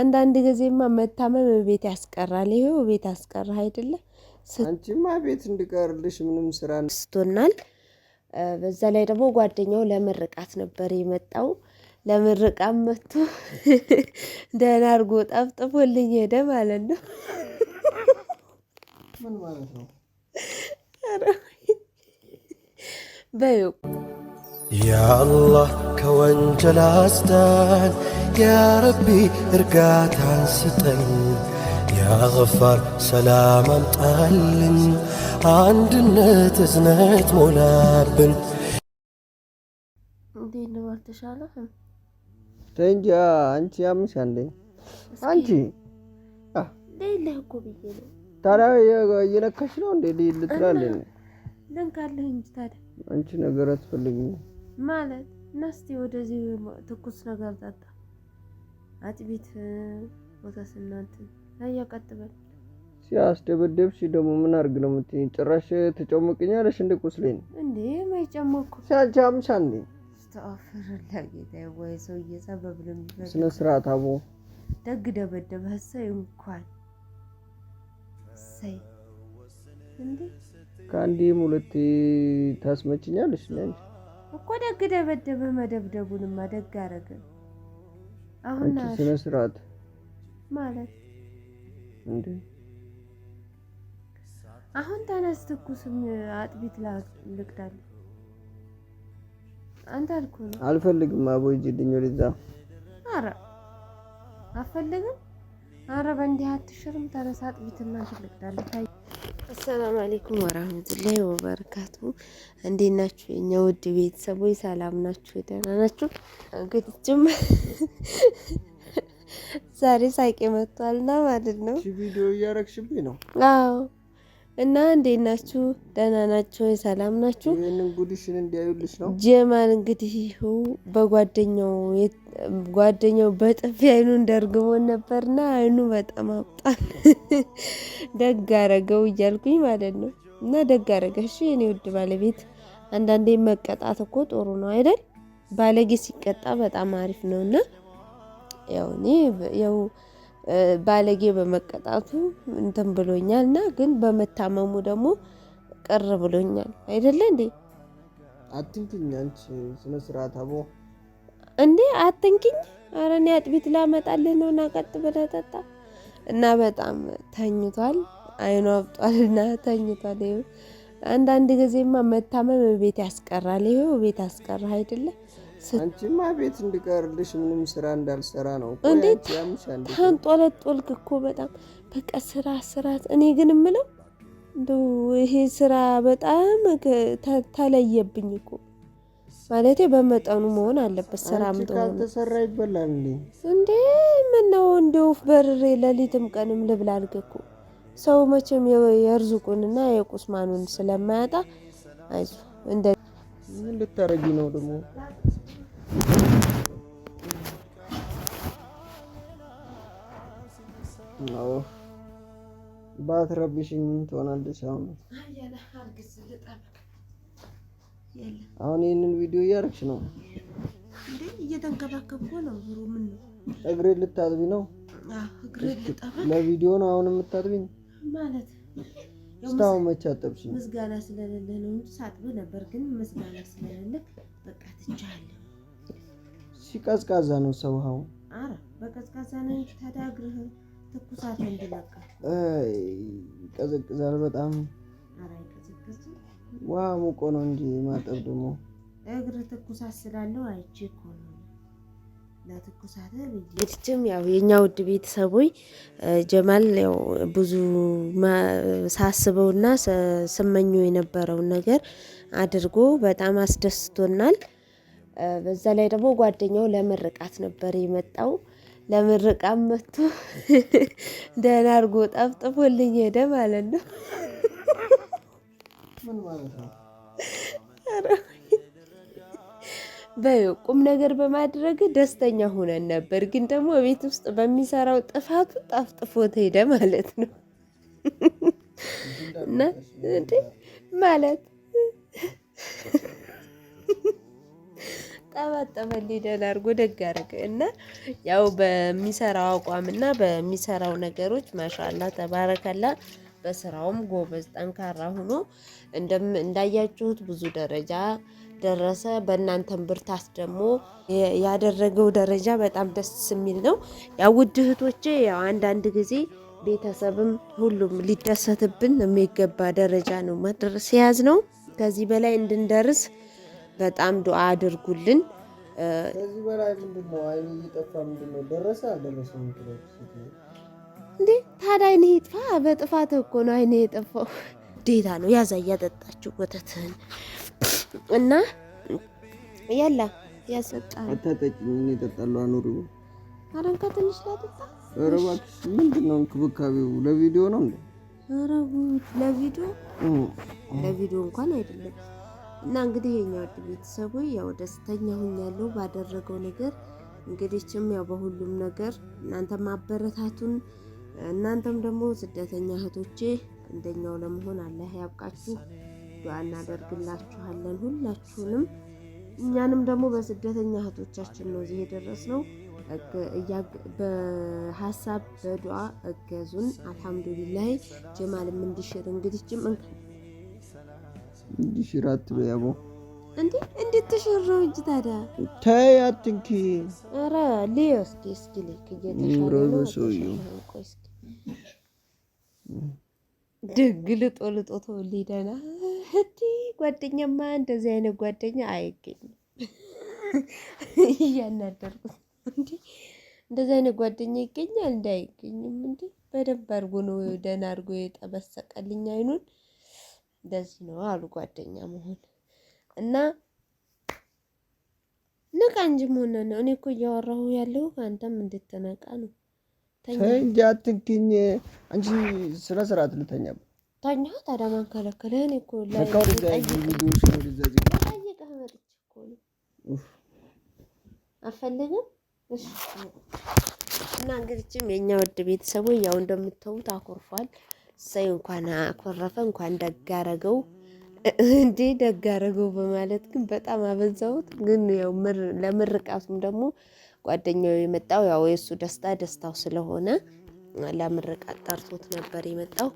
አንዳንድ ጊዜማ መታመም ቤት ያስቀራል። ይሄው ቤት ያስቀራ አይደለም። አንቺማ ቤት እንድቀርልሽ ምንም ስራ ስቶናል። በዛ ላይ ደግሞ ጓደኛው ለምርቃት ነበር የመጣው። ለምርቃት መጥቶ ደህና አድርጎ ጠፍጥፎልኝ ሄደ ማለት ነው። ምን ማለት ነው? ያ አላህ ከወንጀል አስዳን፣ ያ ረቢ እርጋታን ስጠን፣ ያገፋር ሰላም አምጣልን፣ አንድነት እዝነት ሞላብን። እንዴት ነው አልተሻለህ? እንጂ አንቺ ያምሽ አንዴ አንቺ ሌላ እኮ ብዬ ነው። ታዲያ እየነካሽ ነው እንዴ ልትላለኝ? ደንካለህ እንጂ ታዲያ አንቺ ነገር አትፈልጊም ማለት ናስቲ፣ ወደዚህ ትኩስ ነገር ጠጣ አጥቢት ቦታ ስናንት ላይ ያቀጥበል ሲያስደበደብሽ ደግሞ ምን አርግ ነው የምትይኝ? ጭራሽ ትጨሞቅኛለሽ እንደ ቁስሌን እንዴ ማይጨሞቁ ሲያንቺ አምሻ እንዴ ስተአፍርላ ጌታ ወይ ሰው እየሰበብ ለሚፈ ስነ ስርዓት አቦ ደግ ደበደበ እሰይ እንኳን ሰይ እንዴ ከአንዴም ሁለቴ ታስመችኛለሽ ነኝ እኮ ደግ ደበደበ። መደብደቡንማ ደግ አረገ። አሁን ስነ ስርዓት ማለት እንዴ? አሁን ተነስ፣ ትኩስም አጥቢት ልቅዳል። አንተ አልኩ ነው። አልፈልግም። አቦ ሂጂልኝ ወደዛ። አረ አፈልግም። አረ በእንዲህ አትሽርም። ተነስ፣ አጥቢትና ልቅዳል። አሰላም አለይኩም ወራህመቱላሂ ወበረካቱ። እንዴት ናችሁ የኛ ውድ ቤተሰቦች? ሰላም ናችሁ? ደህና ናችሁ? እንግዲህም ዛሬ ሳቄ መጥቷልና ማለት ነው። ቪዲዮ እያረግሽብኝ ነው? አዎ እና እንዴት ናችሁ? ደህና ናችሁ? ሰላም ናችሁ? ይሄንን ጉድሽን እንዲያዩልሽ ነው። ጀማል እንግዲህ በጓደኛው ጓደኛው በጥፊ አይኑን ደርግቦን ነበርና አይኑ በጣም አብጣል። ደግ አረገው እያልኩኝ ማለት ነው። እና ደግ አረገሽ የኔ ውድ ባለቤት። አንዳንዴ መቀጣት እኮ ጥሩ ነው አይደል? ባለጌ ሲቀጣ በጣም አሪፍ ነው እና ያው እኔ ያው ባለጌ በመቀጣቱ እንትን ብሎኛል እና ግን በመታመሙ ደግሞ ቅር ብሎኛል። አይደለ እንዴ? አትንኪኝ አንቺ ስነ ስርዓት አቦ እንዴ አትንኪኝ። ኧረ እኔ አጥቢት ላመጣልህ ነው እና ቀጥ ብለህ ጠጣ እና በጣም ተኝቷል። አይኑ አብጧል እና ተኝቷል። ይኸው አንዳንድ ጊዜማ መታመም ቤት ያስቀራል። ይኸው ቤት ያስቀራ አይደለ አንቺማ ቤት እንድቀርልሽ ምንም ስራ እንዳልሰራ ነው። እንዴት ታንጦለጦልክ እኮ በጣም በቃ ስራ ስራ። እኔ ግን ምለው ይሄ ስራ በጣም ተለየብኝ እኮ ማለት በመጠኑ መሆን አለበት። ስራ ካልተሰራ ይበላል እንዴ? ምነው እንደ ወፍ በርሬ ለሊትም ቀንም ልብል አልክ እኮ። ሰው መቼም የእርዝቁንና የቁስማኑን ስለማያጣ አይዞህ። እንደ ምን ልታረጊ ነው ደግሞ? ባትረብሽኝ ትሆናለች። አሁን አሁን ይህንን ቪዲዮ እያደረግሽ ነው። እየተንከባከብኩ ነው። ዙሮ ምን ነው እግሬ ልታጥቢ ነው? ለቪዲዮ ነው አሁን የምታጥቢኝ ማለት እስካሁን መቼ አጠብሽ? ምስጋና ስለሌለ ነው እንጂ ሳጥብ ነበር፣ ግን ምስጋና ስለሌለ በቃ ትቻለሁ። ሲቀዝቃዛ ነው ሰው አሁን። አረ በቀዝቃዛ ነው እንጂ ታዲያ እግርህ ትኩሳት እንዲለቃ ይቀዘቅዛል በጣም ውሃ ሙቆ ነው እንጂ ማጠብ ደግሞ እግር ትኩሳት ስላለው አይቼ እኮ ነው ያው የእኛ ውድ ቤተሰቦች ጀማል ያው ብዙ ሳስበውና የነበረውን ነገር አድርጎ በጣም አስደስቶናል። በዛ ላይ ደግሞ ጓደኛው ለመርቃት ነበር የመጣው። ለምርቃም መጥቶ ደህና አድርጎ ጠፍጥፎልኝ ሄደ ማለት ነው። በቁም ነገር በማድረግ ደስተኛ ሆነን ነበር፣ ግን ደግሞ ቤት ውስጥ በሚሰራው ጥፋቱ ጣፍጥፎት ሄደ ማለት ነው እና ማለት ተንጠባጠበልኝ ደህና አድርጎ ደግ አደረገ እና ያው በሚሰራው አቋም አቋምና በሚሰራው ነገሮች ማሻላ ተባረከላ በስራውም ጎበዝ ጠንካራ ሆኖ እንዳያችሁት ብዙ ደረጃ ደረሰ። በእናንተን ብርታት ደግሞ ያደረገው ደረጃ በጣም ደስ የሚል ነው። ያው ውድ እህቶቼ ያው አንዳንድ ጊዜ ቤተሰብም ሁሉም ሊደሰትብን የሚገባ ደረጃ ነው መድረስ የያዝ ነው። ከዚህ በላይ እንድንደርስ በጣም ዱዓ አድርጉልን። ከዚህ በላይ ምንድነው? አይኔ እየጠፋ ደረሰ አልደረሰ እንዴ? ታዲያ አይኔ ይጥፋ? በጥፋት እኮ ነው አይኔ የጠፋው። ዴታ ነው ያዛ እያጠጣችሁ ወተትህን እና ያላ ያሰጣ አታጠቂ ምን ይጠጣሉ? አረንካ ትንሽ ላጠጣ። ኧረ እባክሽ እንክብካቤው? ለቪዲዮ ነው እንዴ? ኧረ ጉድ ለቪዲዮ ለቪዲዮ እንኳን አይደለም እና እንግዲህ የኛ ውድ ቤተሰቡ ያው ደስተኛ ሁኛለሁ ባደረገው ነገር። እንግዲችም ያው በሁሉም ነገር እናንተ ማበረታቱን እናንተም ደግሞ ስደተኛ እህቶቼ እንደኛው ለመሆን አላህ ያብቃችሁ። ዱዓ እናደርግላችኋለን ሁላችሁንም። እኛንም ደግሞ በስደተኛ እህቶቻችን ነው እዚህ የደረስነው። በሀሳብ በዱዓ እገዙን። አልሐምዱሊላህ ጀማልም እንዲሽር እንግዲችም እንጂ ሽራ አትበይ ያቦ። እንዴ እንዴት ተሸራው እንጂ ታዲያ ተይ አትንኪ። ኧረ ልየው እስኪ እስኪ ልክ እየተሻለ ሰውዬው። ልጦ ልጦ እቲ ጓደኛማ እንደዚህ አይነት ጓደኛ አይገኝም። እያናደርኩት እንዴ እንደዚህ አይነት ጓደኛ ይገኛል? እንዳይገኝም እንዴ በደንብ አድርጎ ነው ደህና አድርጎ የጠበሰቀልኝ አይኑን እንደዚህ ነው አሉ ጓደኛ መሆን እና ንቃ እንጂ መሆን ነው። እኔ እኮ እያወራሁ ያለው አንተም እንድትነቃ ነው። እንጂ አትንኪኝ። አንቺ ስነ ስርዓት ልተኛ ታኛ ታዲያ ማን ከለከለ? እኔ እኮ አልፈልግም። እና እንግዲህ የእኛ ውድ ቤተሰቦች ያው እንደምታዩት አኮርፏል። እሰይ እንኳን አኮረፈ እንኳን ደጋረገው እንዴ ደጋረገው በማለት ግን በጣም አበዛሁት። ግን ያው ለምርቃቱም ደግሞ ጓደኛው የመጣው ያው የእሱ ደስታ ደስታው ስለሆነ ለምርቃት ጠርቶት ነበር የመጣው።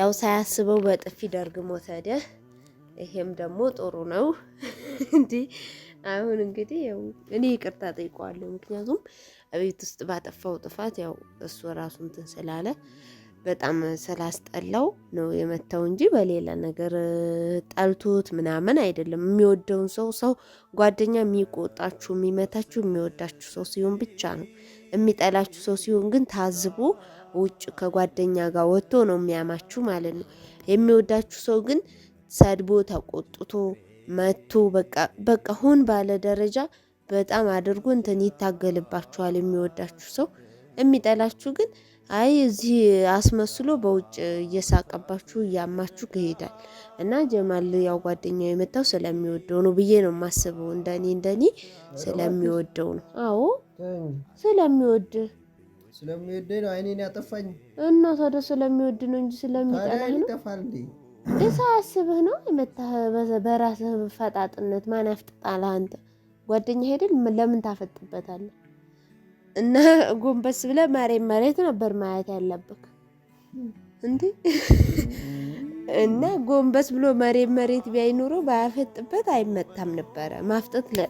ያው ሳያስበው በጥፊ ደርግሞት ሄደ። ይሄም ደግሞ ጥሩ ነው። እንዲ አሁን እንግዲህ ያው እኔ ይቅርታ ጠይቀዋለሁ። ምክንያቱም ቤት ውስጥ ባጠፋው ጥፋት ያው እሱ ራሱ እንትን ስላለ በጣም ስላስጠላው ነው የመታው እንጂ በሌላ ነገር ጠልቶት ምናምን አይደለም። የሚወደውን ሰው ሰው ጓደኛ የሚቆጣችሁ የሚመታችሁ የሚወዳችሁ ሰው ሲሆን ብቻ ነው። የሚጠላችሁ ሰው ሲሆን ግን ታዝቦ ውጭ ከጓደኛ ጋር ወጥቶ ነው የሚያማችሁ ማለት ነው። የሚወዳችሁ ሰው ግን ሰድቦ ተቆጥቶ መቶ በቃ ሁን ባለ ደረጃ በጣም አድርጎ እንትን ይታገልባችኋል። የሚወዳችሁ ሰው የሚጠላችሁ ግን አይ እዚህ አስመስሎ በውጭ እየሳቀባችሁ እያማችሁ ይሄዳል። እና ጀማል ያው ጓደኛው የመጣው ስለሚወደው ነው ብዬ ነው የማስበው። እንደኔ እንደኔ ስለሚወደው ነው። አዎ ስለሚወድ ስለሚወድ ነው። አይኔን ያጠፋኝ እና ታዲያ ስለሚወድ ነው እንጂ ስለሚጠላ ነው አስብህ ነው የመታህ። በራስህ ፈጣጥነት ማን ያፍጥጣል? አንተ ጓደኛ ሄደን ለምን ታፈጥበታለህ? እና ጎንበስ ብለ መሬት መሬት ነበር ማየት ያለብክ እንዴ። እና ጎንበስ ብሎ መሬት መሬት ቢያይ ኑሮ ባያፈጥበት አይመታም ነበረ። ማፍጠት ለ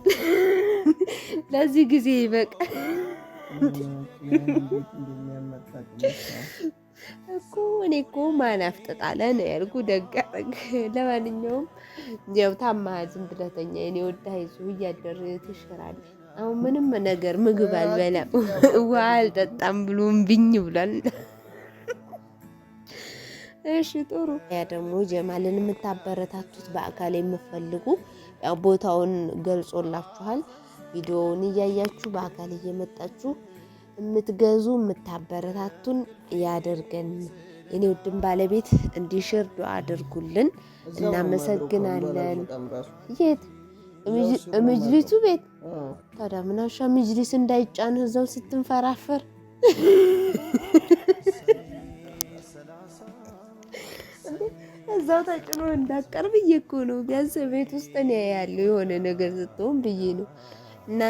ለዚህ ጊዜ ይበቃል እኮ እኔ እኮ ማን አፍጥጣለ ነው ያልኩ። ደጋረግ ለማንኛውም ያው ታማህ ዝም ብለህ ተኛ የኔ ይዙ እያደር ትሽራለህ አሁን ምንም ነገር ምግብ አልበላም፣ ውሃ አልጠጣም ብሎ ቢኝ ብሏል። እሺ ጥሩ። ያ ደግሞ ጀማልን የምታበረታቱት በአካል የምፈልጉ ያው ቦታውን ገልጾላችኋል። ቪዲዮውን እያያችሁ በአካል እየመጣችሁ የምትገዙ የምታበረታቱን ያደርገን። እኔ ውድም ባለቤት እንዲሽርዱ አድርጉልን። እናመሰግናለን። የት መጅሊሱ ቤት ታዲያ ምናሻ መጅሊስ እንዳይጫን እዛው ስትንፈራፈር እዛው ተጭኖ እንዳቀርብ ብዬ እኮ ነው። ቢያንስ ቤት ውስጥ እኔ ያለው የሆነ ነገር ስትሆን ብዬ ነው። እና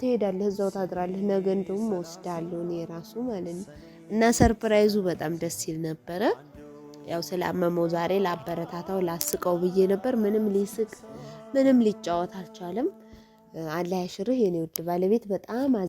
ትሄዳለህ፣ እዛው ታድራለህ። ነገ እንደውም እወስዳለሁ እኔ ራሱ ማለት ነው። እና ሰርፕራይዙ በጣም ደስ ይል ነበረ። ያው ስላመመው ዛሬ ላበረታታው ላስቀው ብዬ ነበር። ምንም ሊስቅ ምንም ሊጫወት አልቻለም። አላህ ያሽርህ የኔ ውድ ባለቤት በጣም